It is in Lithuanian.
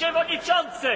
przewodniczący!